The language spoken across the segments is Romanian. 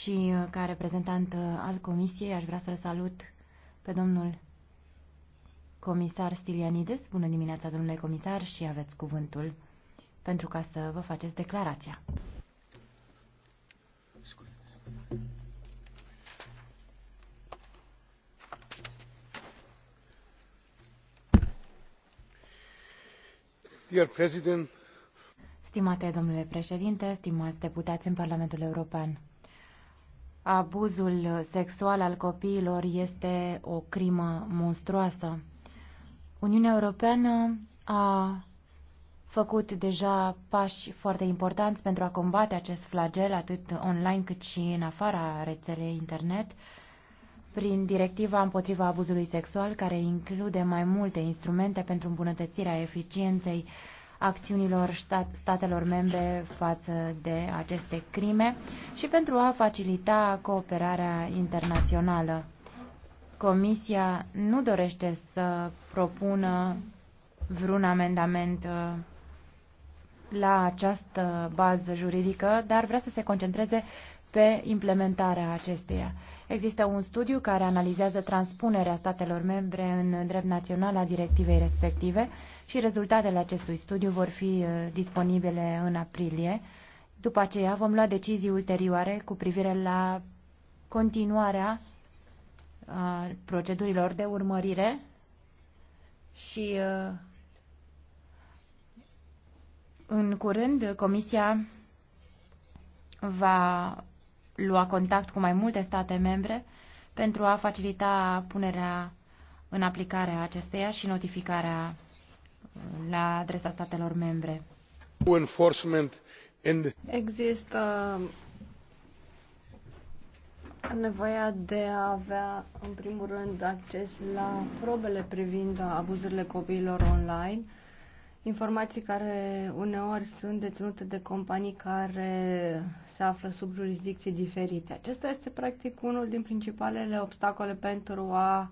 și uh, ca reprezentant uh, al Comisiei aș vrea să-l salut pe domnul comisar Stilianides. Bună dimineața, domnule comisar, și aveți cuvântul pentru ca să vă faceți declarația. Dear President, Stimate domnule președinte, stimați deputați în Parlamentul European, abuzul sexual al copiilor este o crimă monstruoasă. Uniunea Europeană a făcut deja pași foarte importanți pentru a combate acest flagel, atât online cât și în afara rețelei internet, prin directiva împotriva abuzului sexual, care include mai multe instrumente pentru îmbunătățirea eficienței acțiunilor stat, statelor membre față de aceste crime și pentru a facilita cooperarea internațională. Comisia nu dorește să propună vreun amendament uh, la această bază juridică, dar vrea să se concentreze pe implementarea acesteia. Există un studiu care analizează transpunerea statelor membre în drept național a directivei respective și rezultatele acestui studiu vor fi uh, disponibile în aprilie. După aceea vom lua decizii ulterioare cu privire la continuarea uh, procedurilor de urmărire și uh, în curând Comisia va lua contact cu mai multe state membre pentru a facilita punerea în aplicare a acesteia și notificarea uh, la adresa statelor membre. Există nevoia de a avea, în primul rând, acces la probele privind abuzurile copiilor online, informații care uneori sunt deținute de companii care se află sub jurisdicții diferite. Acesta este practic unul din principalele obstacole pentru a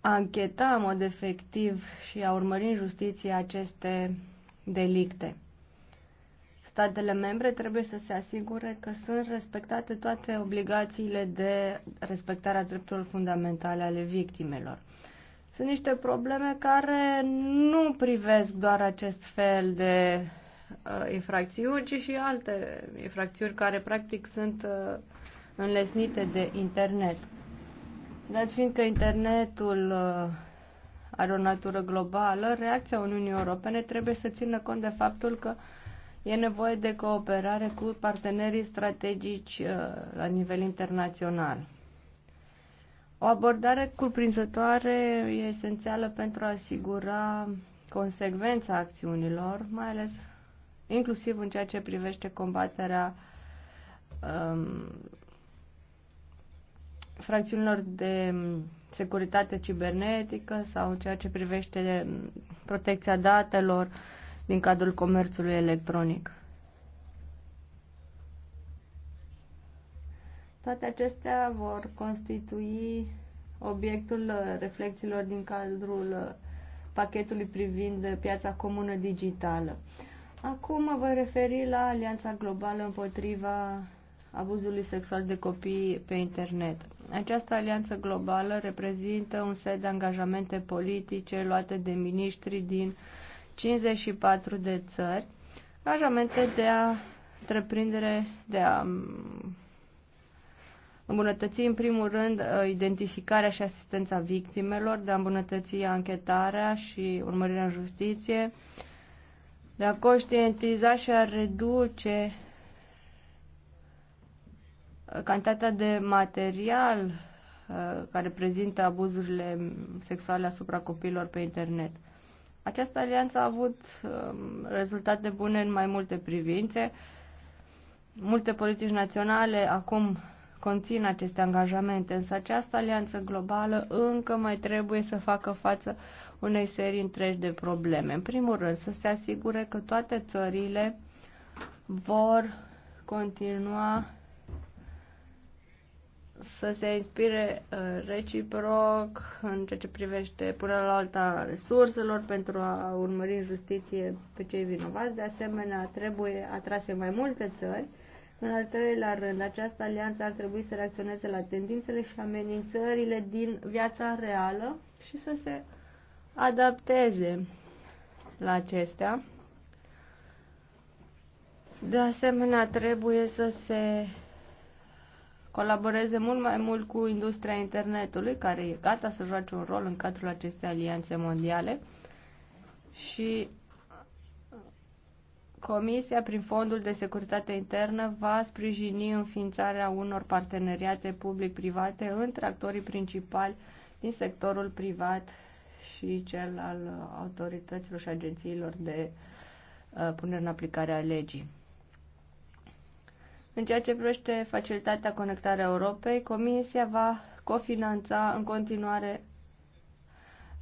ancheta în mod efectiv și a urmări în justiție aceste delicte. Statele membre trebuie să se asigure că sunt respectate toate obligațiile de respectare a drepturilor fundamentale ale victimelor. Sunt niște probleme care nu privesc doar acest fel de Uh, infracțiuni, ci și alte infracțiuni care practic sunt uh, înlesnite de internet. Dar fiindcă internetul uh, are o natură globală, reacția Uniunii Europene trebuie să țină cont de faptul că e nevoie de cooperare cu partenerii strategici la nivel internațional. O abordare cuprinzătoare e esențială pentru a asigura consecvența acțiunilor, mai ales inclusiv în ceea ce privește combaterea um, fracțiunilor de securitate cibernetică sau în ceea ce privește um, protecția datelor din cadrul comerțului electronic. Toate acestea vor constitui obiectul uh, reflexiilor din cadrul uh, pachetului privind uh, piața comună digitală. Acum mă voi referi la Alianța Globală împotriva abuzului sexual de copii pe internet. Această alianță globală reprezintă un set de angajamente politice luate de miniștri din 54 de țări, angajamente de a întreprindere, de a îmbunătăți în primul rând uh, identificarea și asistența victimelor, de a îmbunătăți anchetarea și urmărirea în justiție, la conștientiza și a reduce uh, cantitatea de material uh, care prezintă abuzurile sexuale asupra copiilor pe internet. Această alianță a avut um, rezultate bune în mai multe privințe. Multe politici naționale acum conțin aceste angajamente, însă această alianță globală încă mai trebuie să facă față uh, unei serii întregi de probleme. În primul rând, să se asigure că toate țările vor continua să se inspire uh, reciproc în ceea ce privește până la alta resurselor pentru a urmări în justiție pe cei vinovați. De asemenea, trebuie atrase mai multe țări. În al treilea rând, această alianță ar trebui să reacționeze la tendințele și amenințările din viața reală și să se adapteze la acestea. De asemenea, trebuie să se colaboreze mult mai mult cu industria internetului, care e gata să joace un rol în cadrul acestei alianțe mondiale și Comisia, prin Fondul de Securitate Internă, va sprijini înființarea unor parteneriate public-private între actorii principali din sectorul privat și cel al autorităților și agențiilor de uh, punere în aplicare a legii. În ceea ce privește facilitatea conectarea Europei, Comisia va cofinanța în continuare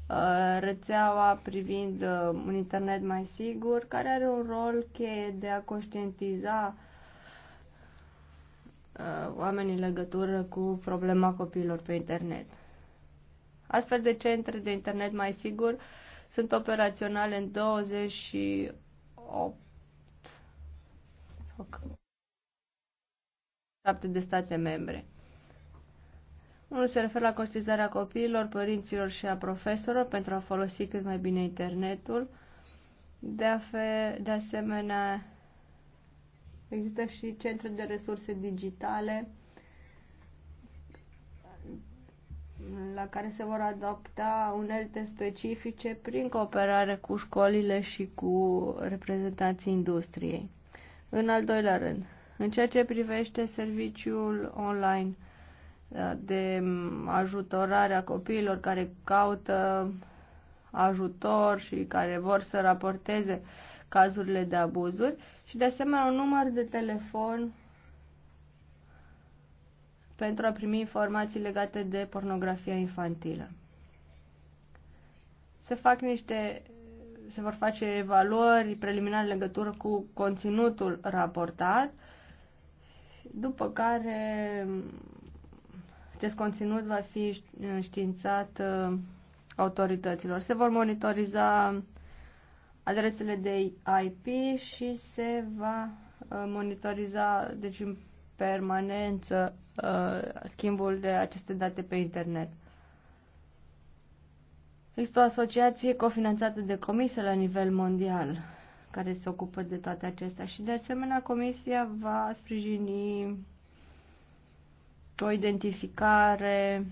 uh, rețeaua privind uh, un internet mai sigur, care are un rol cheie de a conștientiza oamenii în legătură cu problema copiilor pe internet. Astfel de centre de internet mai sigur sunt operaționale în 28 7 de state membre. Unul se referă la costizarea copiilor, părinților și a profesorilor pentru a folosi cât mai bine internetul. De, fe, de asemenea, există și centre de resurse digitale la care se vor adapta unelte specifice prin cooperare cu școlile și cu reprezentanții industriei. În al doilea rând, în ceea ce privește serviciul online uh, de ajutorare a copiilor care caută ajutor și care vor să raporteze cazurile de abuzuri și de asemenea un număr de telefon pentru a primi informații legate de pornografia infantilă. Se fac niște se vor face evaluări preliminare în legătură cu conținutul raportat, după care acest conținut va fi științat uh, autorităților. Se vor monitoriza adresele de IP și se va uh, monitoriza deci în permanență Uh, schimbul de aceste date pe internet. Există o asociație cofinanțată de comisie la nivel mondial care se ocupă de toate acestea și de asemenea comisia va sprijini o identificare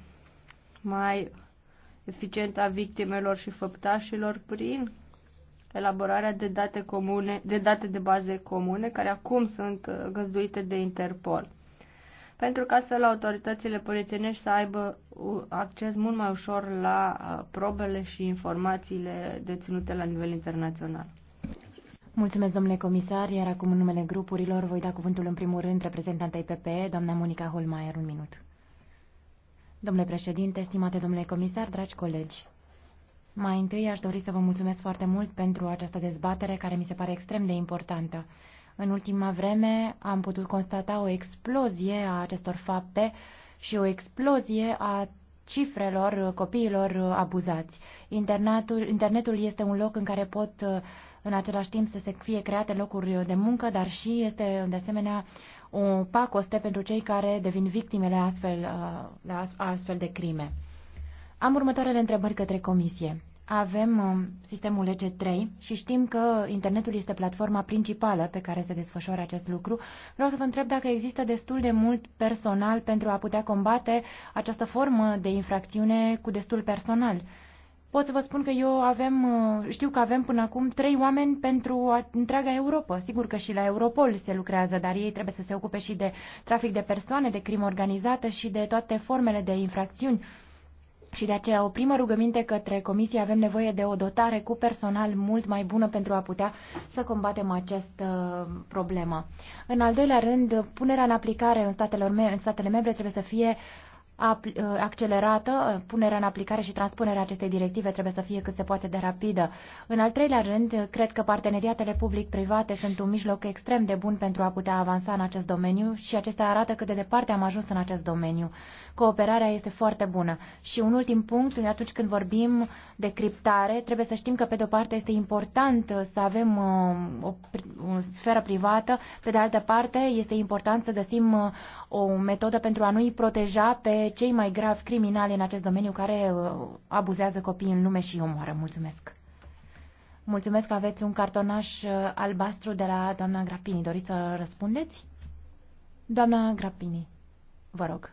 mai eficientă a victimelor și făptașilor prin elaborarea de date comune, de date de baze comune care acum sunt uh, găzduite de Interpol pentru că astfel autoritățile polițienești să aibă acces mult mai ușor la probele și informațiile deținute la nivel internațional. Mulțumesc, domnule comisar, iar acum în numele grupurilor voi da cuvântul în primul rând reprezentantei PPE, doamna Monica Holmaier, un minut. Domnule președinte, stimate domnule comisar, dragi colegi, mai întâi aș dori să vă mulțumesc foarte mult pentru această dezbatere care mi se pare extrem de importantă. În ultima vreme am putut constata o explozie a acestor fapte și o explozie a cifrelor copiilor abuzați. Internetul, internetul este un loc în care pot în același timp să se fie create locuri de muncă, dar și este de asemenea o pacoste pentru cei care devin victimele astfel, astfel de crime. Am următoarele întrebări către comisie avem um, sistemul EC3 și știm că internetul este platforma principală pe care se desfășoară acest lucru. Vreau să vă întreb dacă există destul de mult personal pentru a putea combate această formă de infracțiune cu destul personal. Pot să vă spun că eu avem, uh, știu că avem până acum trei oameni pentru întreaga Europa. Sigur că și la Europol se lucrează, dar ei trebuie să se ocupe și de trafic de persoane, de crimă organizată și de toate formele de infracțiuni și de aceea o primă rugăminte către Comisie avem nevoie de o dotare cu personal mult mai bună pentru a putea să combatem această uh, problemă. În al doilea rând, punerea în aplicare în, statelor me- în statele membre trebuie să fie uh, Uh, accelerată, uh, punerea în aplicare și transpunerea acestei directive trebuie să fie cât se poate de rapidă. În al treilea rând, uh, cred că parteneriatele public-private sunt un mijloc extrem de bun pentru a putea avansa în acest domeniu și acestea arată cât de departe am ajuns în acest domeniu. Cooperarea este foarte bună. Și un ultim punct, atunci când vorbim de criptare, trebuie să știm că pe de-o parte este important să avem o, o sferă privată, pe de altă parte este important să găsim o metodă pentru a nu-i proteja pe cei mai gravi criminali în acest domeniu care uh, abuzează copiii în lume și îi omoară. Mulțumesc! Mulțumesc că aveți un cartonaș uh, albastru de la doamna Grapini. Doriți să răspundeți? Doamna Grapini, vă rog.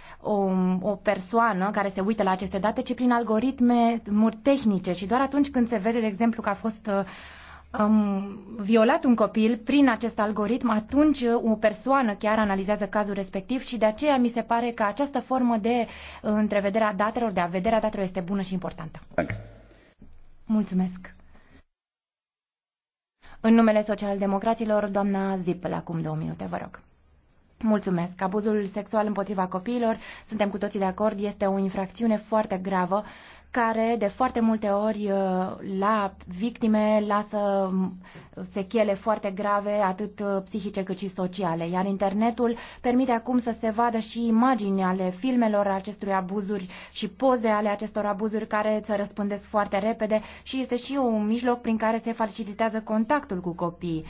o, o persoană care se uită la aceste date, ci prin algoritme tehnice și doar atunci când se vede, de exemplu, că a fost um, violat un copil prin acest algoritm, atunci o persoană chiar analizează cazul respectiv și de aceea mi se pare că această formă de uh, întrevedere a datelor, de a vedea datelor este bună și importantă. Mulțumesc. În numele socialdemocraților, doamna Zipel, acum două minute, vă rog. Mulțumesc. Abuzul sexual împotriva copiilor, suntem cu toții de acord, este o infracțiune foarte gravă care de foarte multe ori uh, la victime lasă sechele foarte grave, atât uh, psihice cât și sociale. Iar internetul permite acum să se vadă și imagini ale filmelor acestui abuzuri și poze ale acestor abuzuri care se răspândesc foarte repede și este și un mijloc prin care se facilitează contactul cu copiii.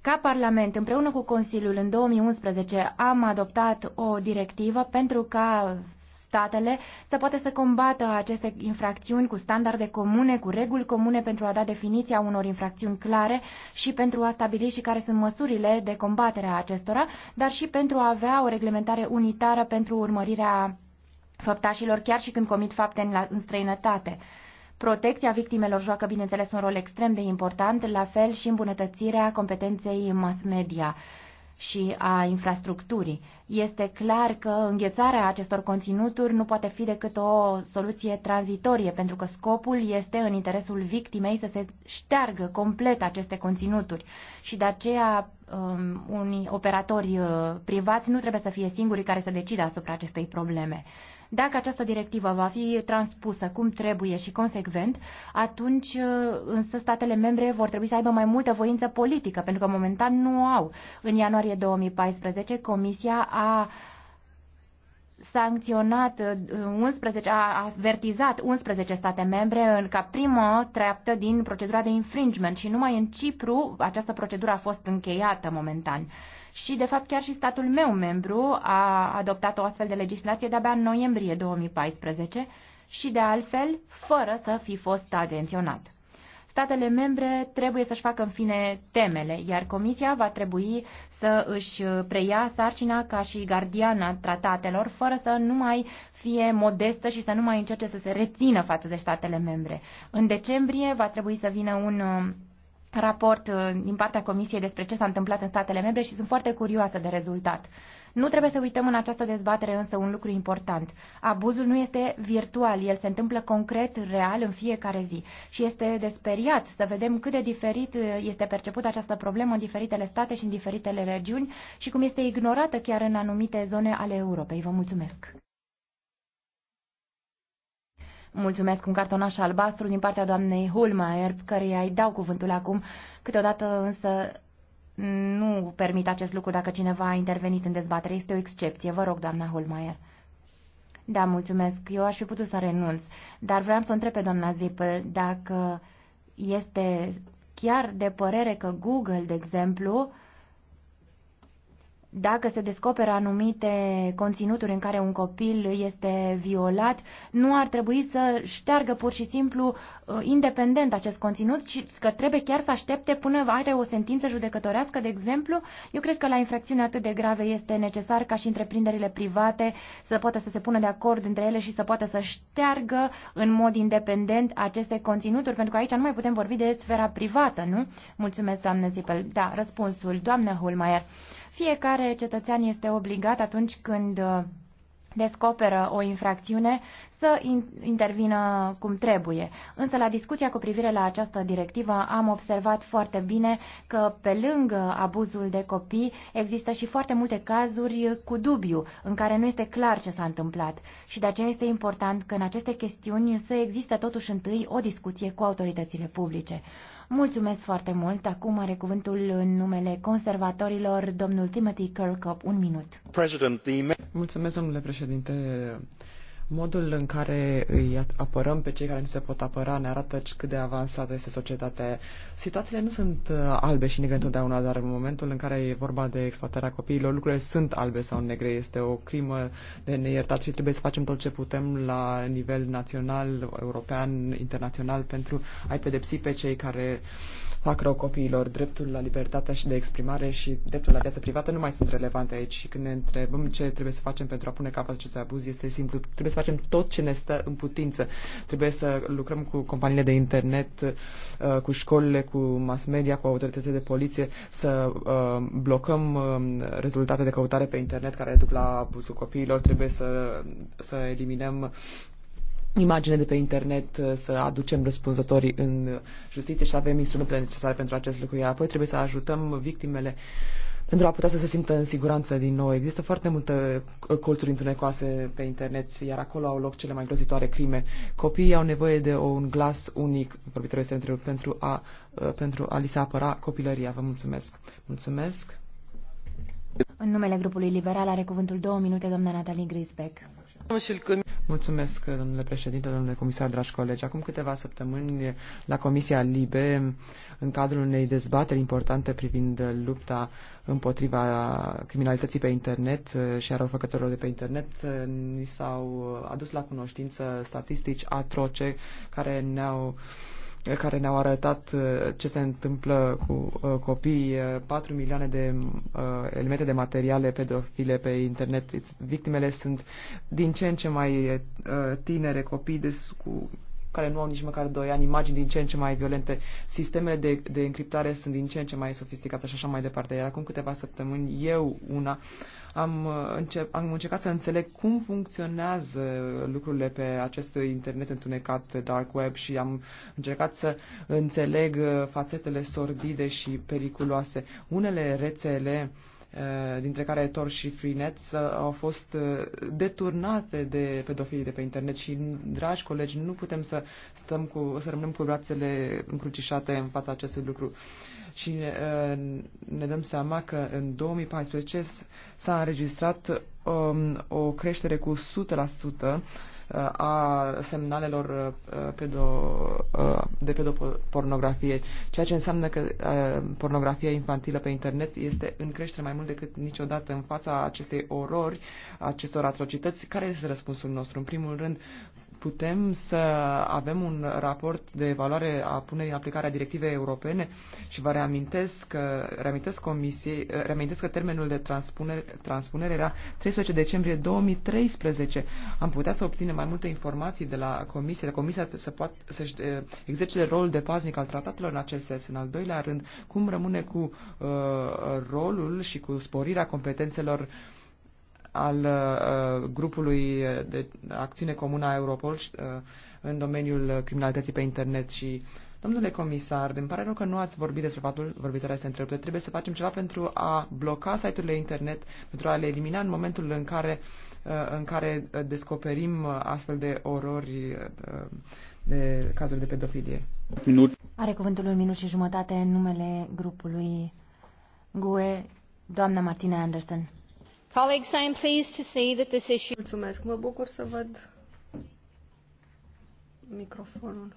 Ca Parlament, împreună cu Consiliul, în 2011 am adoptat o directivă pentru ca statele să poată să combată aceste infracțiuni cu standarde comune, cu reguli comune pentru a da definiția unor infracțiuni clare și pentru a stabili și care sunt măsurile de combatere a acestora, dar și pentru a avea o reglementare unitară pentru urmărirea făptașilor chiar și când comit fapte în, la, în străinătate. Protecția victimelor joacă, bineînțeles, un rol extrem de important, la fel și îmbunătățirea competenței mass media și a infrastructurii. Este clar că înghețarea acestor conținuturi nu poate fi decât o soluție tranzitorie, pentru că scopul este în interesul victimei să se șteargă complet aceste conținuturi și de aceea um, unii operatori uh, privați nu trebuie să fie singurii care să decidă asupra acestei probleme. Dacă această directivă va fi transpusă cum trebuie și consecvent, atunci uh, însă statele membre vor trebui să aibă mai multă voință politică, pentru că momentan nu au. În ianuarie 2014, Comisia a sancționat 11, uh, a avertizat 11 state membre în ca primă treaptă din procedura de infringement și numai în Cipru această procedură a fost încheiată momentan și, de fapt, chiar și statul meu membru a adoptat o astfel de legislație de-abia în noiembrie 2014 și, de altfel, fără să fi fost atenționat. Statele membre trebuie să-și facă în fine temele, iar Comisia va trebui să își preia sarcina ca și gardiana tratatelor, fără să nu mai fie modestă și să nu mai încerce să se rețină față de statele membre. În decembrie va trebui să vină un raport uh, din partea Comisiei despre ce s-a întâmplat în statele membre și sunt foarte curioasă de rezultat. Nu trebuie să uităm în această dezbatere însă un lucru important. Abuzul nu este virtual, el se întâmplă concret, real, în fiecare zi. Și este de speriat să vedem cât de diferit uh, este perceput această problemă în diferitele state și în diferitele regiuni și cum este ignorată chiar în anumite zone ale Europei. Vă mulțumesc! Mulțumesc un cartonaș albastru din partea doamnei Hulmaier, căreia îi dau cuvântul acum. Câteodată însă nu permit acest lucru dacă cineva a intervenit în dezbatere. Este o excepție. Vă rog, doamna Hulmaier. Da, mulțumesc. Eu aș fi putut să renunț, dar vreau să o întreb pe doamna Zipel dacă este chiar de părere că Google, de exemplu, uh, dacă se descoperă anumite conținuturi în care un copil este violat, nu ar trebui să șteargă pur și simplu uh, independent acest conținut, ci că trebuie chiar să aștepte până are o sentință judecătorească, de exemplu. Eu cred că la infracțiune atât de grave este necesar ca și întreprinderile private să poată să se pună de acord între ele și să poată să șteargă în mod independent aceste conținuturi, pentru că aici nu mai putem vorbi de sfera privată, nu? Mulțumesc, doamnă Zipel. Da, răspunsul, doamnă Hulmaier. Fiecare cetățean este obligat atunci când uh, descoperă o infracțiune să intervină cum trebuie. Însă la discuția cu privire la această directivă am observat foarte bine că pe lângă abuzul de copii există și foarte multe cazuri cu dubiu în care nu este clar ce s-a întâmplat și de aceea este important că în aceste chestiuni să există totuși întâi o discuție cu autoritățile publice. Mulțumesc foarte mult. Acum are cuvântul în numele conservatorilor domnul Timothy Kirkhope. Un minut. Mulțumesc, domnule președinte. Modul în care îi apărăm pe cei care nu se pot apăra ne arată cât de avansată este societatea. Situațiile nu sunt uh, albe și negre întotdeauna, dar în momentul în care e vorba de exploatarea copiilor, lucrurile sunt albe sau negre. Este o crimă de neiertat și trebuie să facem tot ce putem la nivel național, european, internațional pentru a-i pedepsi pe cei care uh, fac rău copiilor. Dreptul la libertatea și de exprimare și dreptul la viață privată nu mai sunt relevante aici. Și când ne întrebăm ce trebuie să facem pentru a pune capăt acestui abuz, este simplu. Trebuie să facem tot ce ne stă în putință. Trebuie să lucrăm cu companiile de internet, uh, cu școlile, cu mass media, cu autoritățile de poliție, să uh, blocăm uh, rezultate de căutare pe internet care duc la abuzul copiilor. Trebuie să, să eliminăm imagine de pe internet, uh, să aducem răspunzătorii în justiție și să avem instrumentele necesare pentru acest lucru. Iar apoi trebuie să ajutăm victimele pentru a putea să se simtă în siguranță din nou. Există foarte multe colțuri întunecoase pe internet, iar acolo au loc cele mai grozitoare crime. Copiii au nevoie de un glas unic, vorbitorul este întrerupt, pentru a, uh, pentru a li se apăra copilăria. Vă mulțumesc. Mulțumesc. În numele grupului liberal are cuvântul două minute doamna Natalie Grisbeck. Mulțumesc, domnule președinte, domnule comisar, dragi colegi. Acum câteva săptămâni la Comisia Libe, în cadrul unei dezbateri importante privind lupta împotriva criminalității pe internet și a răufăcătorilor de pe internet, ni s-au adus la cunoștință statistici atroce care ne-au care ne-au arătat uh, ce se întâmplă cu uh, copii, 4 uh, milioane de elemente de materiale pedofile pe internet. Victimele sunt din ce în ce mai tinere, copii de, cu care nu au nici măcar 2 ani, imagini din ce în ce mai violente, sistemele de, de încriptare sunt din ce în ce mai sofisticate și așa mai departe. Iar acum câteva săptămâni, eu una, am, uh, încep, am încercat să înțeleg cum funcționează lucrurile pe acest internet întunecat, dark web și am încercat să înțeleg uh, fațetele sordide și periculoase. Unele rețele uh, Eh, dintre care Tor și Freenet, au fost eh, deturnate de pedofilii de pe internet și, dragi colegi, nu putem să, stăm cu, să rămânem cu brațele încrucișate în fața acestui lucru. Și eh, ne dăm seama că în 2014 s-a înregistrat um, o creștere cu 100% Uh, a semnalelor uh, pedo, uh, de pedopornografie, ceea ce înseamnă că pornografia infantilă pe internet este în creștere mai mult decât niciodată în fața acestei orori, acestor atrocități. Care este răspunsul nostru? În primul rând, putem să avem un raport de evaluare a punerii în aplicare a directivei europene și vă reamintesc că, reamintesc comisiei, reamintesc că termenul de transpunere, transpunere era 13 decembrie 2013. Am putea să obținem mai multe informații de la comisie, de comisia să poat, să-și eh, exercite rolul de paznic al tratatelor în acest sens. În al doilea rând, cum rămâne cu uh, rolul și cu sporirea competențelor uh, al uh, grupului de acțiune comună a Europol uh, în domeniul criminalității pe internet și Domnule comisar, îmi pare rău că nu ați vorbit despre faptul, vorbitoarea este întreruptă, trebuie să facem ceva pentru a bloca site-urile internet, pentru a le elimina în momentul în care, uh, în care uh, descoperim uh, astfel de orori de cazuri de pedofilie. Minut. Are cuvântul un minut și jumătate în numele grupului GUE, doamna Martina Anderson. Colleagues, I am pleased to see that this issue... Mulțumesc, mă bucur să văd microfonul.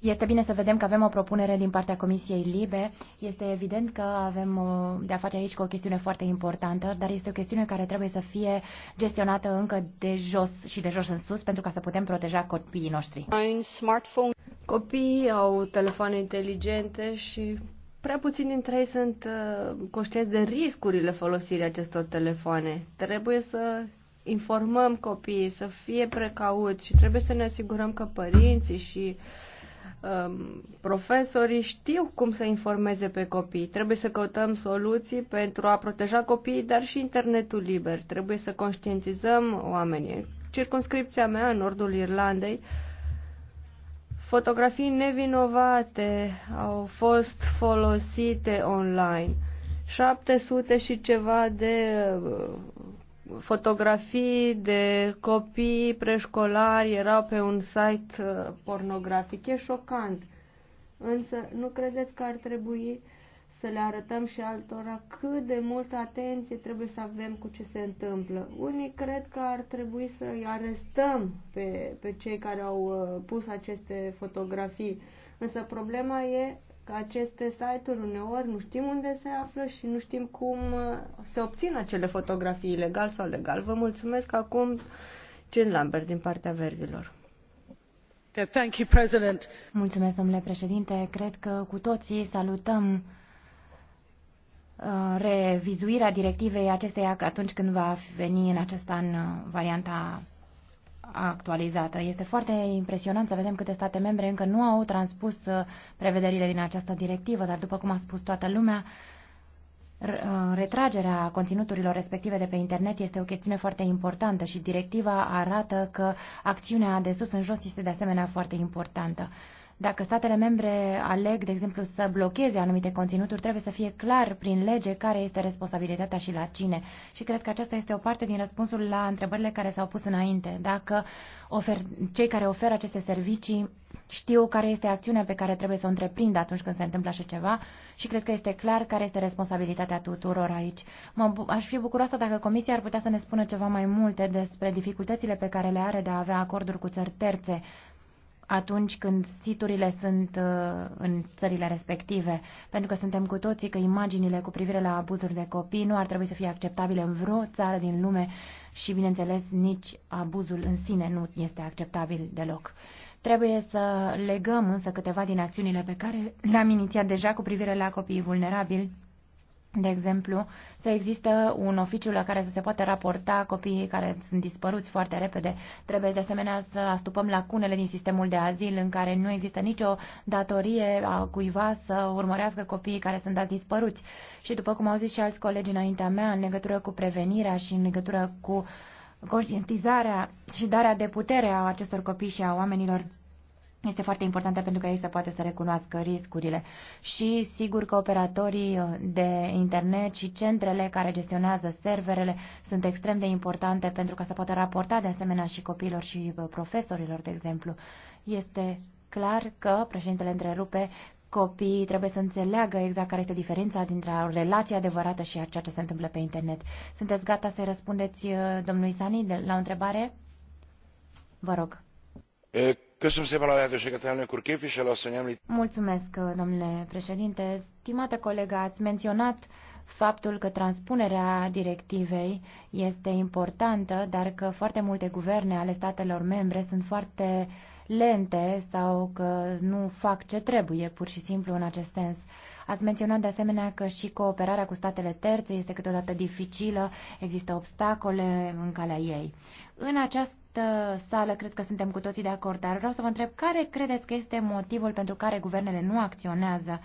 Este bine să vedem că avem o propunere din partea Comisiei Libe. Este evident că avem uh, de-a face aici cu o chestiune foarte importantă, dar este o chestiune care trebuie să fie gestionată încă de jos și de jos în sus pentru ca să putem proteja copiii noștri. Copiii au telefoane inteligente și Prea puțini dintre ei sunt uh, conștienți de riscurile folosirii acestor telefoane. Trebuie să informăm copiii să fie precauți și trebuie să ne asigurăm că părinții și um, profesorii știu cum să informeze pe copii. Trebuie să căutăm soluții pentru a proteja copiii, dar și internetul liber. Trebuie să conștientizăm oamenii. Circunscripția mea, în nordul Irlandei, uh, Fotografii nevinovate au fost folosite online. 700 și ceva de uh, fotografii de copii preșcolari erau pe un site uh, pornografic. E șocant. Însă nu credeți că ar trebui să le arătăm și altora cât de multă atenție trebuie să avem cu ce se întâmplă. Unii cred că ar trebui să îi arestăm pe, pe cei care au uh, pus aceste fotografii, însă problema e că aceste site-uri uneori nu știm unde se află și nu știm cum uh, se obțin acele fotografii, legal sau legal. Vă mulțumesc acum, Jean Lambert, din partea verzilor. Mulțumesc, domnule președinte. Cred că cu toții salutăm Uh, revizuirea directivei acesteia atunci când va veni în acest an uh, varianta actualizată. Este foarte impresionant să vedem câte state membre încă nu au transpus uh, prevederile din această directivă, dar după cum a spus toată lumea, retragerea conținuturilor respective de pe internet este o chestiune foarte importantă și directiva arată că acțiunea de sus în jos este de asemenea foarte importantă. Dacă statele membre aleg, de exemplu, să blocheze anumite conținuturi, trebuie să fie clar prin lege care este responsabilitatea și la cine. Și cred că aceasta este o parte din răspunsul la întrebările care s-au pus înainte. Dacă ofer, cei care oferă aceste servicii știu care este acțiunea pe care trebuie să o întreprindă atunci când se întâmplă așa ceva și cred că este clar care este responsabilitatea tuturor aici. Mă, aș fi bucuroasă dacă Comisia ar putea să ne spună ceva mai multe despre dificultățile pe care le are de a avea acorduri cu țări terțe atunci când siturile sunt uh, în țările respective, pentru că suntem cu toții că imaginile cu privire la abuzuri de copii nu ar trebui să fie acceptabile în vreo țară din lume și, bineînțeles, nici abuzul în sine nu este acceptabil deloc. Trebuie să legăm însă câteva din acțiunile pe care le-am inițiat deja cu privire la copiii vulnerabili de exemplu, să există un oficiu la care să se poată raporta copiii care sunt dispăruți foarte repede. Trebuie de asemenea să astupăm lacunele din sistemul de azil în care nu există nicio datorie a cuiva să urmărească copiii care sunt dați dispăruți. Și după cum au zis și alți colegi înaintea mea, în legătură cu prevenirea și în legătură cu conștientizarea și darea de putere a acestor copii și a oamenilor este foarte importantă pentru că ei să poată să recunoască riscurile. Și sigur că operatorii uh, de internet și centrele care gestionează serverele sunt extrem de importante pentru ca să poată raporta de asemenea și copilor și uh, profesorilor, de exemplu. Este clar că președintele întrerupe copiii trebuie să înțeleagă exact care este diferența dintre o relație adevărată și a ceea ce se întâmplă pe internet. Sunteți gata să răspundeți uh, domnului Sani la o întrebare? Vă rog. E eh, Mulțumesc, domnule președinte. Stimată colegă, ați menționat faptul că transpunerea directivei este importantă, dar că foarte multe guverne ale statelor membre sunt foarte lente sau că nu fac ce trebuie, pur și simplu, în acest sens. Ați menționat de asemenea că și cooperarea cu statele terțe este câteodată dificilă, există obstacole în calea ei. În acest această sală cred că suntem cu toții de acord, dar vreau să vă întreb care credeți că este motivul pentru care guvernele nu acționează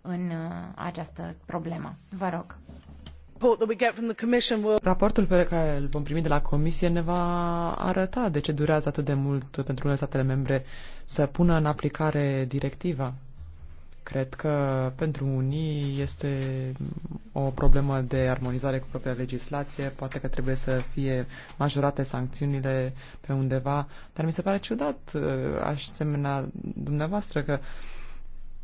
în uh, această problemă. Vă rog. Raportul pe care îl vom primi de la Comisie ne va arăta de ce durează atât de mult pentru unele statele membre să pună în aplicare directiva. Cred că pentru unii este o problemă de armonizare cu propria legislație, poate că trebuie să fie majorate sancțiunile pe undeva, dar mi se pare ciudat, uh, semna dumneavoastră, că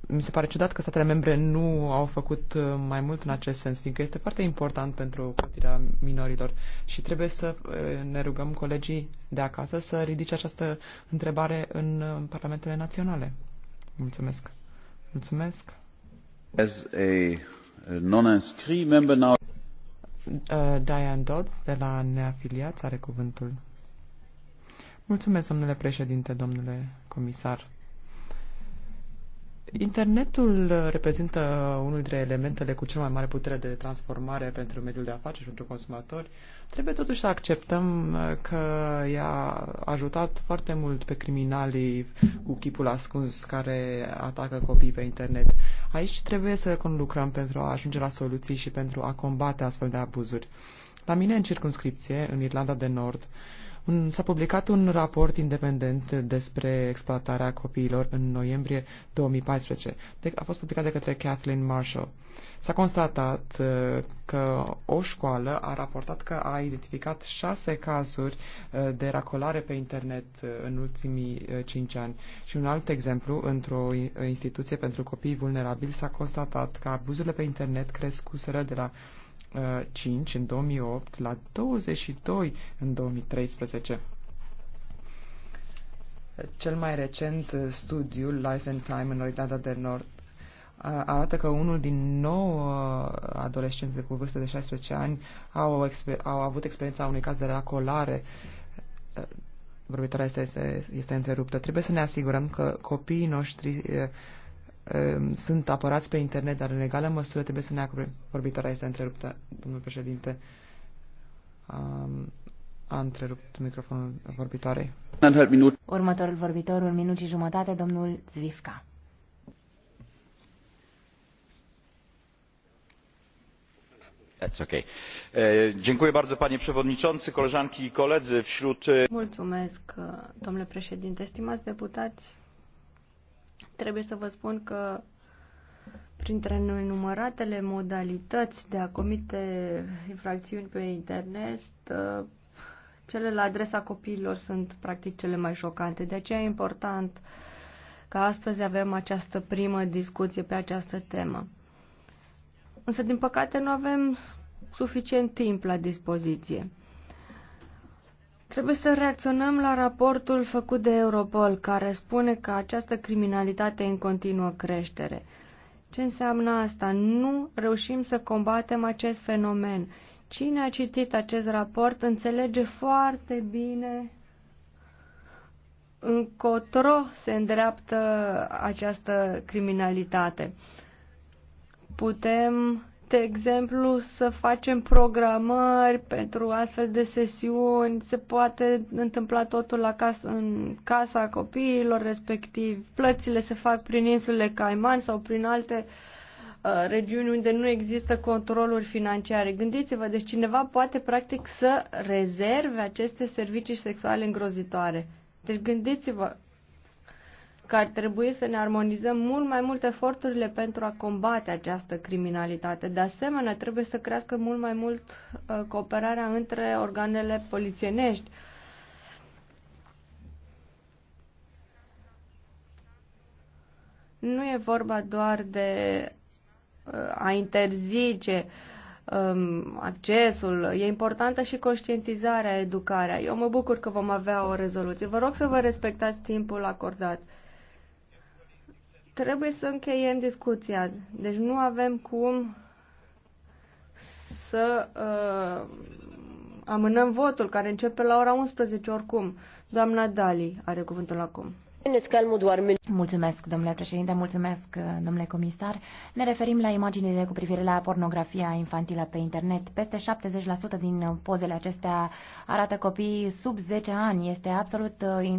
mi se pare ciudat că statele membre nu au făcut uh, mai mult în acest sens, fiindcă este foarte important pentru cotirea minorilor și trebuie să uh, ne rugăm colegii de acasă să ridice această întrebare în parlamentele naționale. Mulțumesc! Mulțumesc. As a non-inscrit member now... Uh, Diane Dodds de la Neafiliați are cuvântul. Mulțumesc, domnule președinte, domnule comisar. Internetul uh, reprezintă unul dintre elementele cu cel mai mare putere de transformare pentru mediul de afaceri și pentru consumatori. Trebuie totuși să acceptăm uh, că i-a ajutat foarte mult pe criminalii cu chipul ascuns care atacă copii pe internet. Aici trebuie să conlucrăm pentru a ajunge la soluții și pentru a combate astfel de abuzuri. La mine, în circunscripție, în Irlanda de Nord, uh, S-a publicat un raport independent despre exploatarea copiilor în noiembrie 2014. De, a fost publicat de către Kathleen Marshall. S-a constatat uh, că o școală a raportat că a identificat șase cazuri uh, de racolare pe internet uh, în ultimii cinci ani. Și un alt exemplu, într-o instituție pentru copii vulnerabili s-a constatat că abuzurile pe internet crescuseră de la 5 în 2008 la 22 în 2013. Cel mai recent uh, studiu, Life and Time, în Oridada de Nord, arată că unul din nou uh, adolescenți de cu vârstă de 16 ani au, au avut experiența unui caz de racolare. Uh, vorbitoarea este, este, este întreruptă. Trebuie să ne asigurăm că copiii noștri Ehm, sunt apărați pe internet, dar în egală măsură trebuie să ne acoperim. Vorbitoarea este întreruptă, domnul președinte. Um, a întrerupt microfonul vorbitoarei. Următorul vorbitor, un minut și jumătate, domnul Zvifka. That's okay. Dziękuję bardzo panie przewodniczący, koleżanki i koledzy. Wśród Mulțumesc, domnule președinte, stimați deputați. Trebuie să vă spun că printre număratele modalități de a comite infracțiuni pe internet, uh, cele la adresa copiilor sunt practic cele mai șocante. De aceea e important că astăzi avem această primă discuție pe această temă. Însă, din păcate, nu avem suficient timp la dispoziție. Trebuie să reacționăm la raportul făcut de Europol, care spune că această criminalitate e în continuă creștere. Ce înseamnă asta? Nu reușim să combatem acest fenomen. Cine a citit acest raport înțelege foarte bine încotro se îndreaptă această criminalitate. Putem de exemplu, să facem programări pentru astfel de sesiuni, se poate întâmpla totul la casă, în casa copiilor respectiv. Plățile se fac prin insule Caiman sau prin alte uh, regiuni unde nu există controluri financiare. Gândiți-vă, deci cineva poate practic să rezerve aceste servicii sexuale îngrozitoare. Deci gândiți-vă că ar trebui să ne armonizăm mult mai mult eforturile pentru a combate această criminalitate. De asemenea, trebuie să crească mult mai mult uh, cooperarea între organele polițienești. Nu e vorba doar de uh, a interzice um, accesul, e importantă și conștientizarea, educarea. Eu mă bucur că vom avea o rezoluție. Vă rog să vă respectați timpul acordat. Trebuie să încheiem discuția. Deci nu avem cum să uh, amânăm votul care începe la ora 11 oricum. Doamna Dali are cuvântul acum. Mulțumesc, domnule președinte, mulțumesc, domnule comisar. Ne referim la imaginile cu privire la pornografia infantilă pe internet. Peste 70% din pozele acestea arată copii sub 10 ani. Este absolut uh,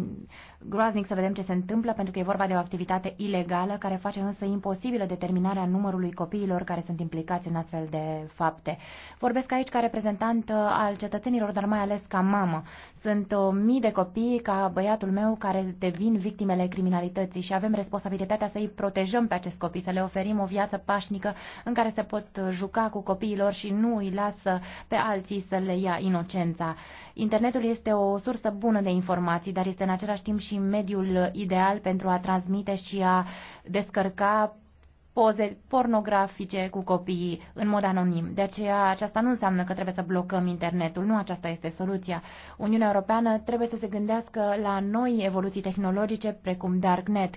groaznic să vedem ce se întâmplă, pentru că e vorba de o activitate ilegală care face însă imposibilă determinarea numărului copiilor care sunt implicați în astfel de fapte. Vorbesc aici ca reprezentant uh, al cetățenilor, dar mai ales ca mamă. Sunt uh, mii de copii, ca băiatul meu, care devin victime victimele criminalității și avem responsabilitatea să îi protejăm pe acest copii, să le oferim o viață pașnică în care se pot juca cu copiilor și nu îi lasă pe alții să le ia inocența. Internetul este o sursă bună de informații, dar este în același timp și mediul ideal pentru a transmite și a descărca poze pornografice cu copiii în mod anonim. De aceea aceasta nu înseamnă că trebuie să blocăm internetul, nu aceasta este soluția. Uniunea Europeană trebuie să se gândească la noi evoluții tehnologice precum Darknet,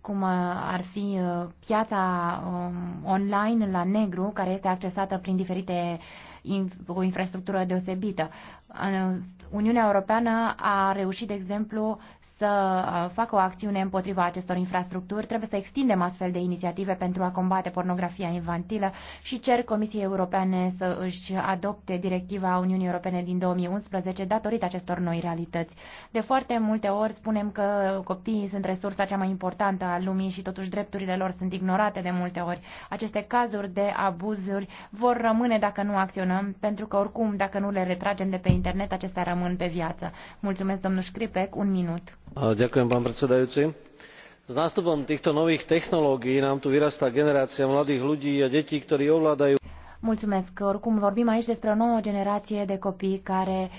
cum uh, ar fi uh, piața um, online la negru, care este accesată prin diferite o infrastructură deosebită. Uh, Uniunea Europeană a reușit, de exemplu, să uh, facă o acțiune împotriva acestor infrastructuri. Trebuie să extindem astfel de inițiative pentru a combate pornografia infantilă și cer Comisiei Europene să își adopte directiva Uniunii Europene din 2011 datorită acestor noi realități. De foarte multe ori spunem că copiii sunt resursa cea mai importantă a lumii și totuși drepturile lor sunt ignorate de multe ori. Aceste cazuri de abuzuri vor rămâne dacă nu acționăm, pentru că oricum, dacă nu le retragem de pe internet, acestea rămân pe viață. Mulțumesc, domnul Scripec, un minut pán predsedajúci s nástupom týchto nových technológií nám tu vyrastá generácia mladých ľudí a detí ktorí ovládajú. Mulțumesc. Oricum vorbim aici despre o nouă generație de copii care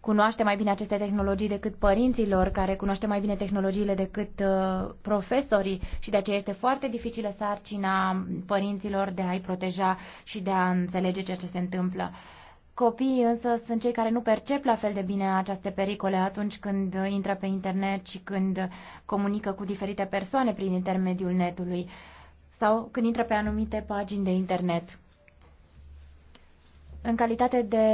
cunoaște mai bine aceste tehnologii decât părinților, care cunoaște mai bine tehnologiile decât uh, profesorii și de aceea este foarte dificilă sarcina părinților de a-i proteja și de a înțelege ceea ce se întâmplă. Uh, Copiii însă sunt cei care nu percep la fel de bine aceste pericole atunci când intră pe internet și când comunică cu diferite persoane prin intermediul netului sau când intră pe anumite pagini de internet. În calitate de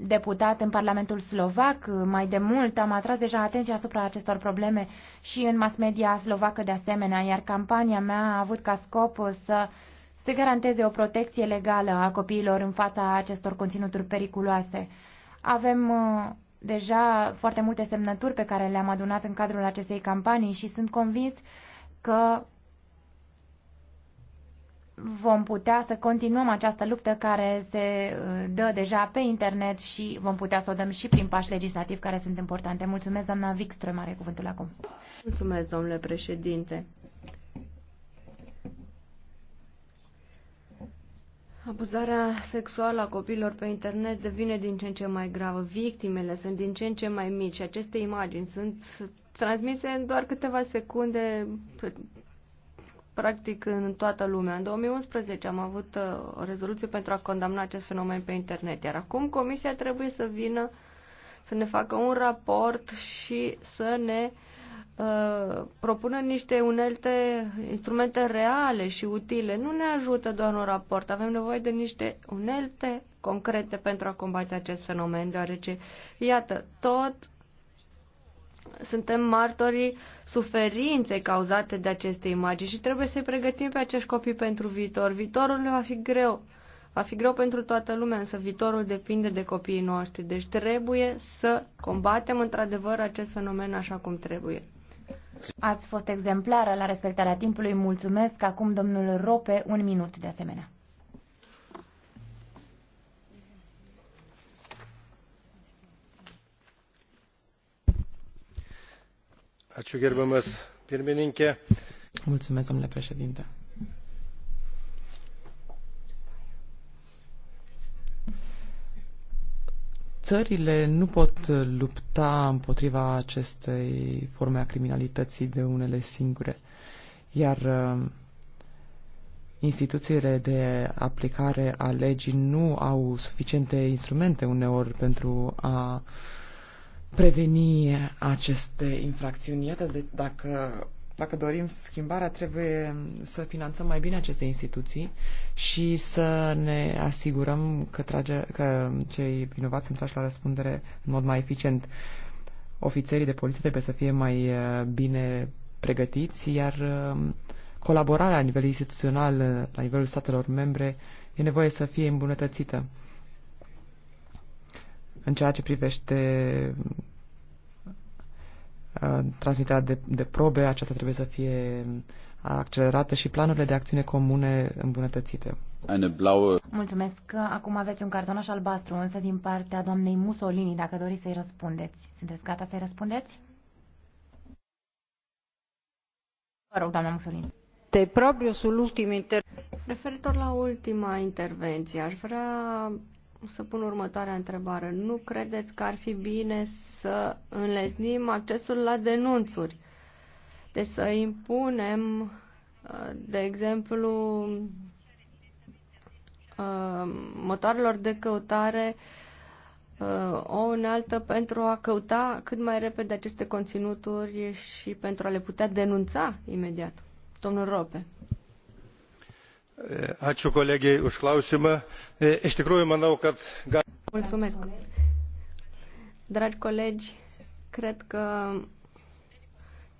deputat în Parlamentul Slovac, mai de mult am atras deja atenția asupra acestor probleme și în mass media slovacă de asemenea, iar campania mea a avut ca scop să uh, se garanteze o protecție legală a copiilor în fața acestor conținuturi periculoase. Avem uh, deja foarte multe semnături pe care le-am adunat în cadrul acestei campanii și sunt convins că vom putea să continuăm această luptă care se uh, dă deja pe internet și vom putea să o dăm și prin pași legislativi care sunt importante. Mulțumesc, doamna Wikström, are cuvântul acum. Mulțumesc, domnule președinte. Abuzarea sexuală a copiilor pe internet devine din ce în ce mai gravă. Victimele sunt din ce în ce mai mici. Aceste imagini sunt transmise în doar câteva secunde, practic în toată lumea. În 2011 am avut uh, o rezoluție pentru a condamna acest fenomen pe internet, iar acum Comisia trebuie să vină să ne facă un raport și să ne Uh, propună niște unelte, instrumente reale și utile. Nu ne ajută doar un raport, avem nevoie de niște unelte concrete pentru a combate acest fenomen, deoarece, iată, tot suntem martorii suferinței cauzate de aceste imagini și trebuie să-i pregătim pe acești copii pentru viitor. Viitorul le va fi greu. Va fi greu pentru toată lumea, însă viitorul depinde de copiii noștri. Deci trebuie să combatem într-adevăr acest fenomen așa cum trebuie. Ați fost exemplară la respectarea timpului. Mulțumesc. Acum domnul Rope, un minut de asemenea. Mulțumesc, domnule președinte Țările nu pot lupta împotriva acestei forme a criminalității de unele singure, iar uh, instituțiile de aplicare a legii nu au suficiente instrumente uneori pentru a preveni aceste infracțiuni. Iată de, dacă dacă dorim schimbarea, trebuie să finanțăm mai bine aceste instituții și să ne asigurăm că, trage, că cei vinovați sunt trași la răspundere în mod mai eficient. Ofițerii de poliție trebuie să fie mai eh, bine pregătiți, iar eh, colaborarea la nivel instituțional, eh, la nivelul statelor membre, e nevoie să fie îmbunătățită. În ceea ce privește Uh, transmiterea de, de probe, aceasta trebuie să fie accelerată și planurile de acțiune comune îmbunătățite. Mulțumesc. Acum aveți un cartonaș albastru, însă din partea doamnei Mussolini, dacă doriți să-i răspundeți. Sunteți gata să-i răspundeți? Vă rog, doamna Mussolini. De propriu sul ultim inter... Referitor la ultima intervenție, aș vrea să pun următoarea întrebare. Nu credeți că ar fi bine să înlesnim accesul la denunțuri? Deci să impunem, uh, de exemplu, uh, motoarelor de căutare uh, o înaltă pentru a căuta cât mai repede aceste conținuturi și pentru a le putea denunța imediat. Domnul Rope. Mulțumesc. Dragi colegi, cred că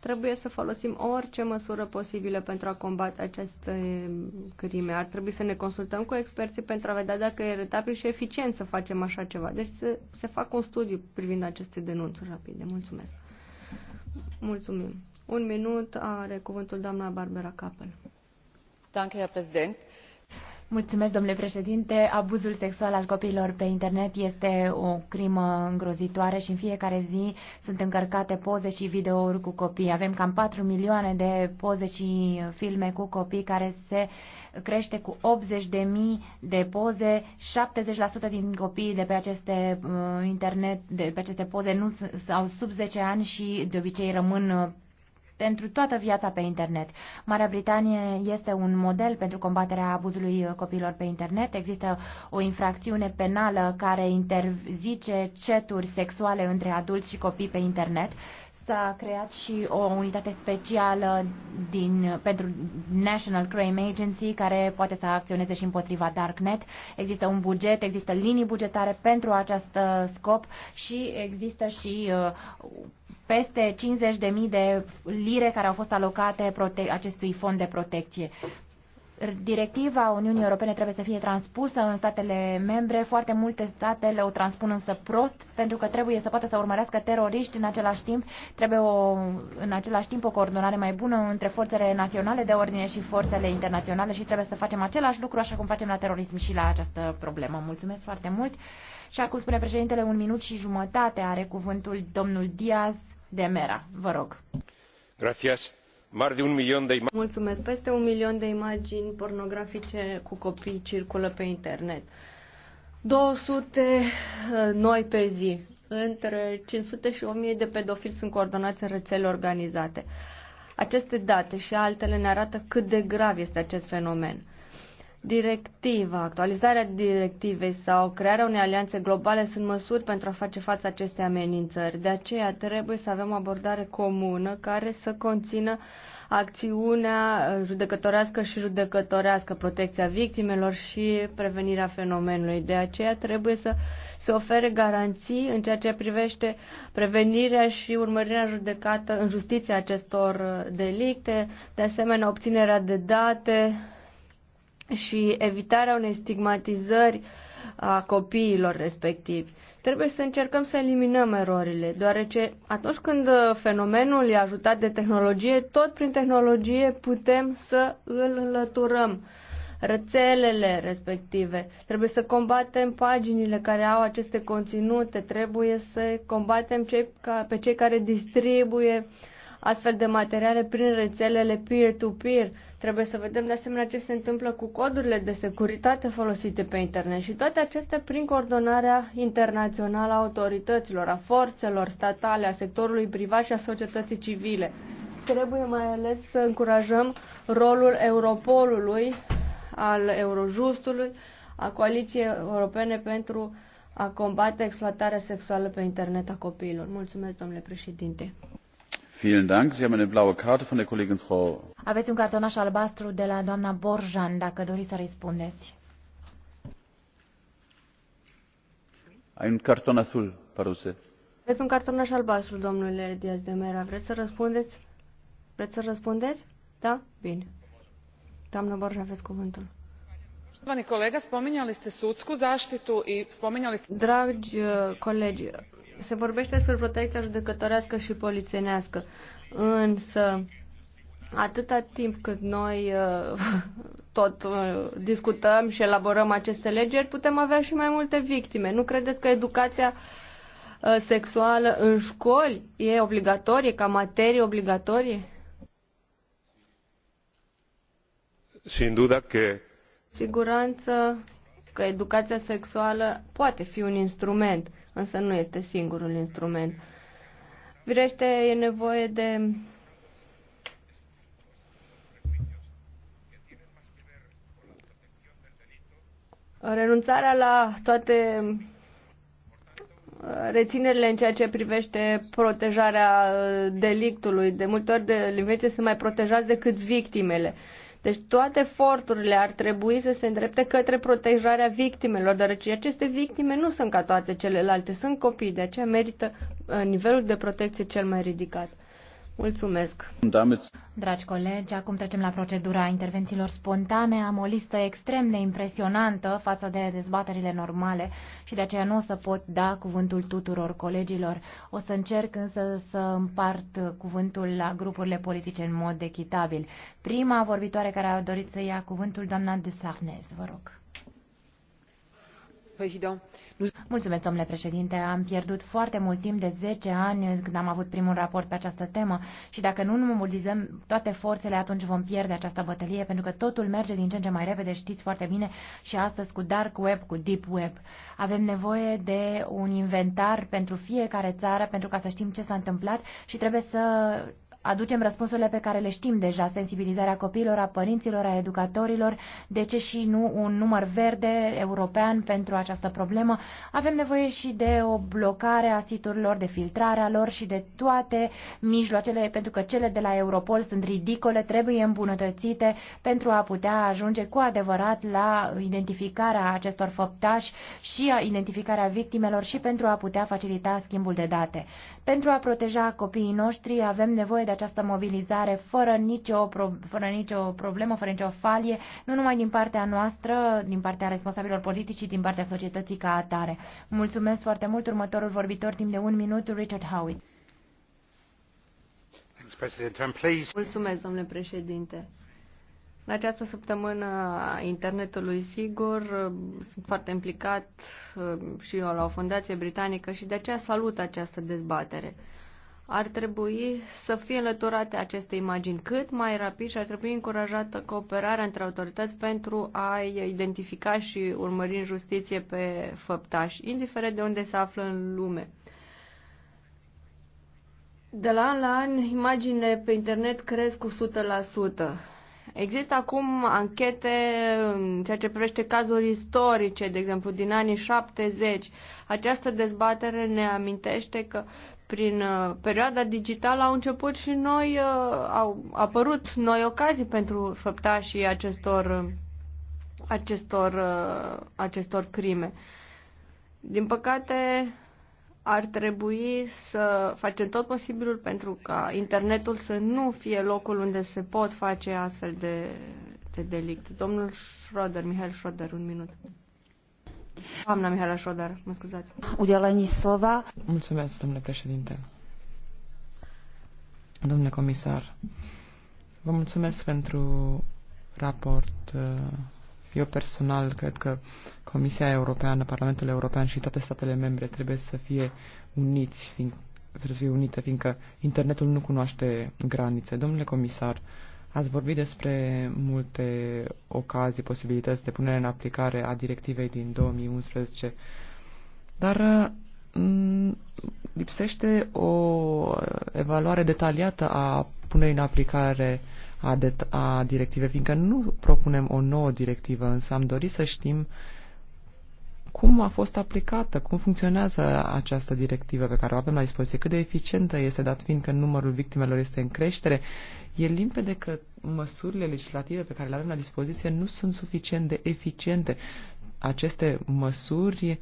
trebuie să folosim orice măsură posibilă pentru a combate aceste crime. Ar trebui să ne consultăm cu experții pentru a vedea dacă e rentabil și eficient să facem așa ceva. Deci să se facă un studiu privind aceste denunțuri rapide. Mulțumesc. Mulțumim. Un minut are cuvântul doamna Barbara Capel. Mulțumesc, domnule președinte. Abuzul sexual al copiilor pe internet este o crimă îngrozitoare și în fiecare zi sunt încărcate poze și videouri cu copii. Avem cam 4 milioane de poze și filme cu copii care se crește cu 80 de mii de poze. 70% din copiii de pe aceste uh, internet, de pe aceste poze nu au sub 10 ani și de obicei rămân uh, pentru toată viața pe internet. Marea Britanie este un model pentru combaterea abuzului copiilor pe internet. Există o infracțiune penală care interzice ceturi sexuale între adulți și copii pe internet. S-a creat și o unitate specială din, pentru National Crime Agency care poate să acționeze și împotriva Darknet. Există un buget, există linii bugetare pentru acest scop și există și uh, peste 50.000 de lire care au fost alocate acestui fond de protecție. Directiva Uniunii Europene trebuie să fie transpusă în statele membre. Foarte multe statele o transpun însă prost, pentru că trebuie să poată să urmărească teroriști în același timp. Trebuie o, în același timp o coordonare mai bună între forțele naționale de ordine și forțele internaționale și trebuie să facem același lucru așa cum facem la terorism și la această problemă. Mulțumesc foarte mult. Și acum spune președintele un minut și jumătate are cuvântul domnul Diaz de Mera. Vă rog. Gracias. Mar de un milion de Mulțumesc. Peste un milion de imagini pornografice cu copii circulă pe internet. 200 eh, noi pe zi. Între 500 și 1000 de pedofili sunt coordonați în rețele organizate. Aceste date și altele ne arată cât de grav este acest fenomen. Directiva, actualizarea directivei sau crearea unei alianțe globale sunt măsuri pentru a face față acestei amenințări. De aceea trebuie să avem o abordare comună care să conțină acțiunea judecătorească și judecătorească, protecția victimelor și prevenirea fenomenului. De aceea trebuie să se ofere garanții în ceea ce privește prevenirea și urmărirea judecată în justiția acestor delicte, de asemenea obținerea de date și evitarea unei stigmatizări a copiilor respectivi. Trebuie să încercăm să eliminăm erorile, deoarece atunci când fenomenul e ajutat de tehnologie, tot prin tehnologie putem să îl înlăturăm rețelele respective. Trebuie să combatem paginile care au aceste conținute, trebuie să combatem cei ca, pe cei care distribuie astfel de materiale prin rețelele peer-to-peer. -peer. Trebuie să vedem de asemenea ce se întâmplă cu codurile de securitate folosite pe internet și toate acestea prin coordonarea internațională a autorităților, a forțelor statale, a sectorului privat și a societății civile. Trebuie mai ales să încurajăm rolul Europolului, al Eurojustului, a Coaliției Europene pentru a combate exploatarea sexuală pe internet a copiilor. Mulțumesc, domnule președinte. Aveți un cartonaș albastru de la doamna Borjan, dacă doriți să răspundeți. Ai un carton azul, paruse. Aveți un cartonaș albastru, domnule Diaz de Mera. Vreți să răspundeți? Vreți să răspundeți? Da? Bine. Doamna Borjan, aveți cuvântul. Dragi colegi, spominjali ste sudsku zaštitu i spominjali ste... Dragi uh, colegi, se vorbește despre protecția judecătorească și polițienească, însă atâta timp cât noi uh, tot uh, discutăm și elaborăm aceste legeri, putem avea și mai multe victime. Nu credeți că educația uh, sexuală în școli e obligatorie, ca materie obligatorie? Sin duda că... Siguranță că educația sexuală poate fi un instrument, însă nu este singurul instrument. Virește, e nevoie de renunțarea la toate uh, reținerile în ceea ce privește protejarea uh, delictului. De multe ori delinvenții sunt mai protejați decât victimele. Uh, deci toate eforturile ar trebui să se îndrepte către protejarea victimelor, deoarece aceste victime nu sunt ca toate celelalte, sunt copii, de aceea merită uh, nivelul de protecție cel mai ridicat. Mulțumesc. Dragi colegi, acum trecem la procedura intervențiilor spontane. Am o listă extrem de impresionantă față de dezbaterile normale și de aceea nu o să pot da cuvântul tuturor colegilor. O să încerc însă să împart cuvântul la grupurile politice în mod echitabil. Prima vorbitoare care a dorit să ia cuvântul, doamna de Sarnez, vă rog. Mulțumesc, domnule președinte. Am pierdut foarte mult timp de 10 ani când am avut primul raport pe această temă și dacă nu mobilizăm toate forțele, atunci vom pierde această bătălie pentru că totul merge din ce în ce mai repede, știți foarte bine, și astăzi cu dark web, cu deep web. Avem nevoie de un inventar pentru fiecare țară pentru ca să știm ce s-a întâmplat și trebuie să aducem răspunsurile pe care le știm deja, sensibilizarea copiilor, a părinților, a educatorilor, de ce și nu un număr verde european pentru această problemă. Avem nevoie și de o blocare a siturilor, de filtrarea lor și de toate mijloacele, pentru că cele de la Europol sunt ridicole, trebuie îmbunătățite pentru a putea ajunge cu adevărat la identificarea acestor făptași și a identificarea victimelor și pentru a putea facilita schimbul de date. Pentru a proteja copiii noștri avem nevoie de această mobilizare fără nicio, fără nicio problemă, fără nicio falie, nu numai din partea noastră, din partea responsabililor politici, ci din partea societății ca atare. Mulțumesc foarte mult. Următorul vorbitor, timp de un minut, Richard Howitt. Mulțumesc, domnule președinte. În această săptămână a internetului sigur, sunt foarte implicat uh, și eu la o fundație britanică și de aceea salut această dezbatere ar trebui să fie înlăturate aceste imagini cât mai rapid și ar trebui încurajată cooperarea între autorități pentru a identifica și urmări în justiție pe făptași, indiferent de unde se află în lume. De la an la an, imaginile pe internet cresc cu 100%. Există acum anchete în ceea ce privește cazuri istorice, de exemplu, din anii 70. Această dezbatere ne amintește că prin uh, perioada digitală au început și noi, uh, au apărut noi ocazii pentru făptașii acestor, uh, acestor, acestor crime. Din păcate, ar trebui să facem tot posibilul pentru ca internetul să nu fie locul unde se pot face astfel de, de delicte. Domnul Schroeder, Mihail Schroeder, un minut. Doamna Mihaela Șodar, mă scuzați. Udeleni slova. Mulțumesc, domnule președinte. Domnule comisar, vă mulțumesc pentru raport. Eu personal cred că Comisia Europeană, Parlamentul European și toate statele membre trebuie să fie uniți, fiind, trebuie să fie unite, fiindcă internetul nu cunoaște granițe. Domnule comisar, Ați vorbit despre multe ocazii, posibilități de punere în aplicare a directivei din 2011, dar mm, lipsește o evaluare detaliată a punerii în aplicare a, a directivei, fiindcă nu propunem o nouă directivă, însă am dorit să știm uh, cum a fost aplicată, cum funcționează această directivă pe care o avem la dispoziție, cât de eficientă este, dat fiind că numărul victimelor este în creștere, e limpede că măsurile legislative pe care le avem la dispoziție nu sunt suficient de eficiente. Aceste măsuri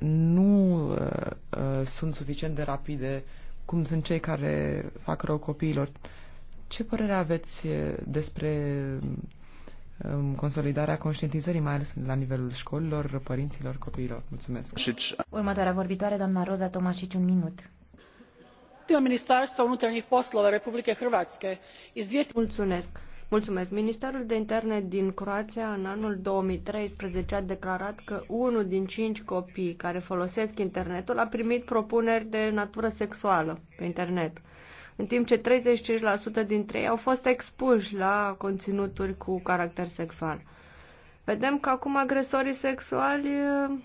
nu uh, uh sunt suficient de rapide cum sunt cei care fac rău copiilor. Ce părere aveți despre consolidarea conștientizării, mai ales la nivelul școlilor, părinților, copiilor. Mulțumesc. Următoarea vorbitoare, doamna Roza Tomașici, un minut. Ministarstva unutarnjih poslova Republike Hrvatske iz Mulțumesc. Mulțumesc. Ministerul de Interne din Croația în anul 2013 a declarat că unul din cinci copii care folosesc internetul a primit propuneri de natură sexuală pe internet în timp ce 35% dintre ei au fost expuși la conținuturi cu caracter sexual. Vedem că acum agresorii sexuali uh,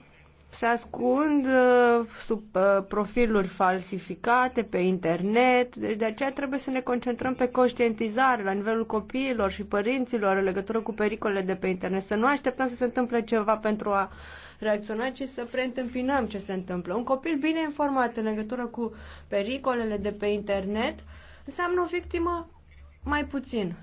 se ascund uh, sub uh, profiluri falsificate pe internet, deci de aceea trebuie să ne concentrăm pe conștientizare la nivelul copiilor și părinților în legătură cu pericolele de pe internet, să nu așteptăm să se întâmple ceva pentru a reacționa, ci să preîntâmpinăm ce se întâmplă. Un copil bine informat în legătură cu pericolele de pe internet înseamnă o victimă mai puțin.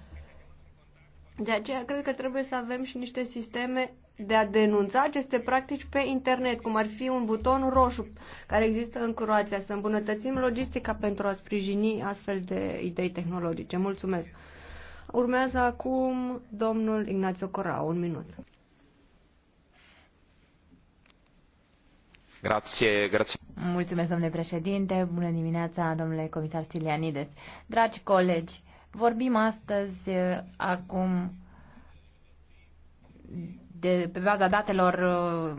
De aceea cred că trebuie să avem și niște sisteme de a denunța aceste practici pe internet, cum ar fi un buton roșu care există în Croația, să îmbunătățim logistica pentru a sprijini astfel de idei tehnologice. Mulțumesc! Urmează acum domnul Ignațiu Cora, un minut. Grazie, grazie. Mulțumesc, domnule președinte. Bună dimineața, domnule comisar Stilianides. Dragi colegi, vorbim astăzi eh, acum de, pe baza datelor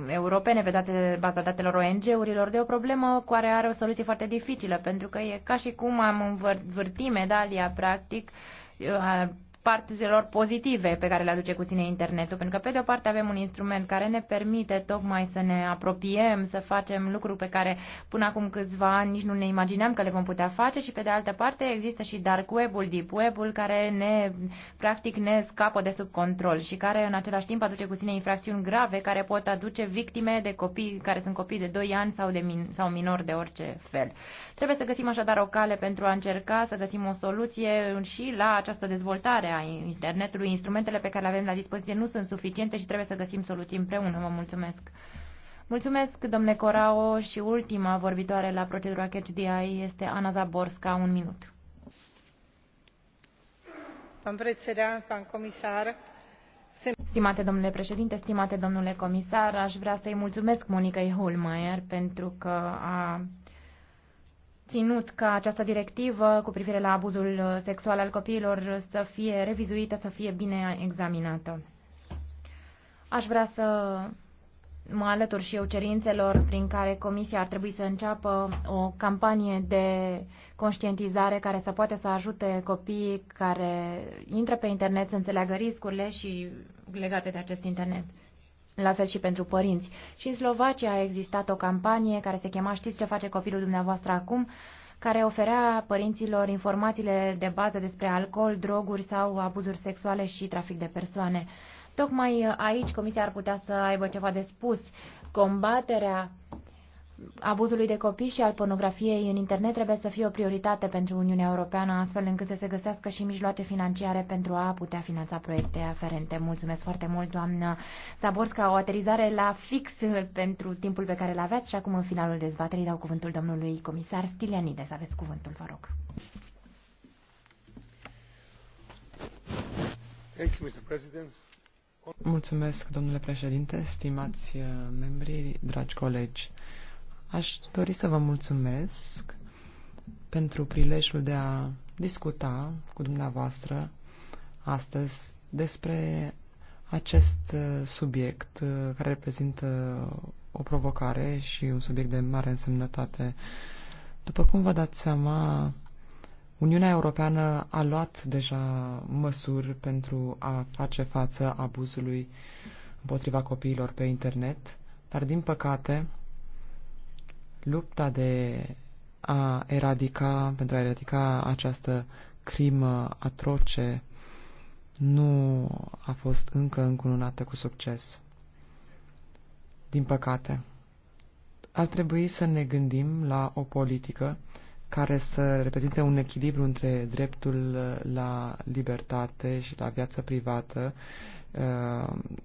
eh, europene, pe date, baza datelor ONG-urilor, de o problemă care are o soluție foarte dificilă, pentru că e ca și cum am învârti medalia, practic, eh, părților pozitive pe care le aduce cu sine internetul, pentru că pe de o parte avem un instrument care ne permite tocmai să ne apropiem, să facem lucruri pe care până acum câțiva ani nici nu ne imagineam că le vom putea face și pe de altă parte există și dark web-ul, deep web-ul care ne practic ne scapă de sub control și care în același timp aduce cu sine infracțiuni grave care pot aduce victime de copii care sunt copii de 2 ani sau de min- sau minori de orice fel. Trebuie să găsim așadar o cale pentru a încerca să găsim o soluție și la această dezvoltare a internetului, instrumentele pe care le avem la dispoziție nu sunt suficiente și trebuie să găsim soluții împreună. Vă mulțumesc! Mulțumesc, domnule Corao, și ultima vorbitoare la procedura CHDI este Ana Zaborska, un minut. Domn președinte, domn comisar, Stimate domnule președinte, stimate domnule comisar, aș vrea să-i mulțumesc Monica Hulmeier pentru că a ținut ca această directivă cu privire la abuzul sexual al copiilor să fie revizuită, să fie bine examinată. Aș vrea să mă alătur și eu cerințelor prin care Comisia ar trebui să înceapă o campanie de conștientizare care să poate să ajute copiii care intră pe internet să înțeleagă riscurile și legate de acest internet la fel și pentru părinți. Și în Slovacia a existat o campanie care se chema Știți ce face copilul dumneavoastră acum? care oferea părinților informațiile de bază despre alcool, droguri sau abuzuri sexuale și trafic de persoane. Tocmai aici Comisia ar putea să aibă ceva de spus. Combaterea abuzului de copii și al pornografiei în internet trebuie să fie o prioritate pentru Uniunea Europeană, astfel încât să se găsească și mijloace financiare pentru a putea finanța proiecte aferente. Mulțumesc foarte mult, doamnă Zaborska, o aterizare la fix pentru timpul pe care l-aveați și acum în finalul dezbaterii dau cuvântul domnului comisar Stilianides. Aveți cuvântul, vă rog. Thank you, Mr. President. Mulțumesc, domnule președinte, stimați uh, membri, dragi colegi. Aș dori să vă mulțumesc pentru prilejul de a discuta cu dumneavoastră astăzi despre acest uh, subiect uh, care reprezintă o provocare și un subiect de mare însemnătate. După cum vă dați seama, Uniunea Europeană a luat deja măsuri pentru a face față abuzului împotriva copiilor pe internet, dar din păcate Lupta de a eradica, pentru a eradica această crimă atroce nu a fost încă încununată cu succes. Din păcate, ar trebui să ne gândim la o politică care să reprezinte un echilibru între dreptul la libertate și la viață privată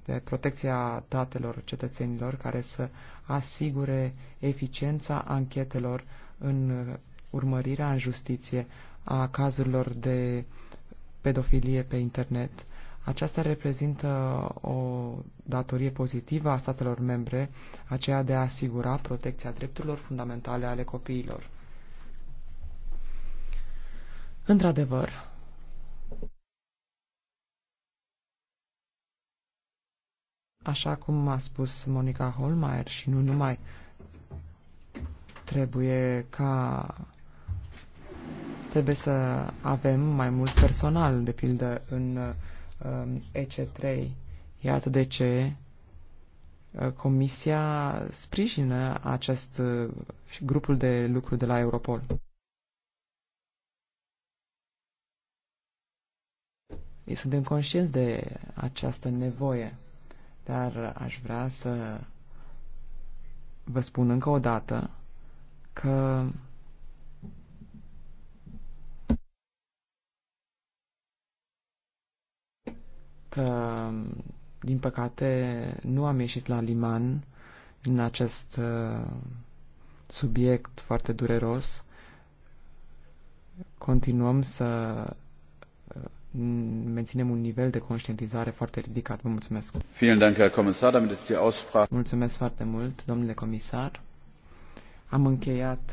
de protecția datelor cetățenilor care să asigure eficiența anchetelor în urmărirea în justiție a cazurilor de pedofilie pe internet. Aceasta reprezintă o datorie pozitivă a statelor membre, aceea de a asigura protecția drepturilor fundamentale ale copiilor. Într-adevăr, Așa cum a spus Monica Holmeier și nu numai, trebuie ca trebuie să avem mai mult personal, de pildă în um, EC3. Iată de ce uh, Comisia sprijină acest uh, grupul de lucru de la Europol. Suntem conștienți de această nevoie. Dar aș vrea să vă spun încă o dată că că, din păcate, nu am ieșit la liman în acest uh, subiect foarte dureros. Continuăm să menținem un nivel de conștientizare foarte ridicat. Vă mulțumesc. Mulțumesc foarte mult, domnule comisar. Am încheiat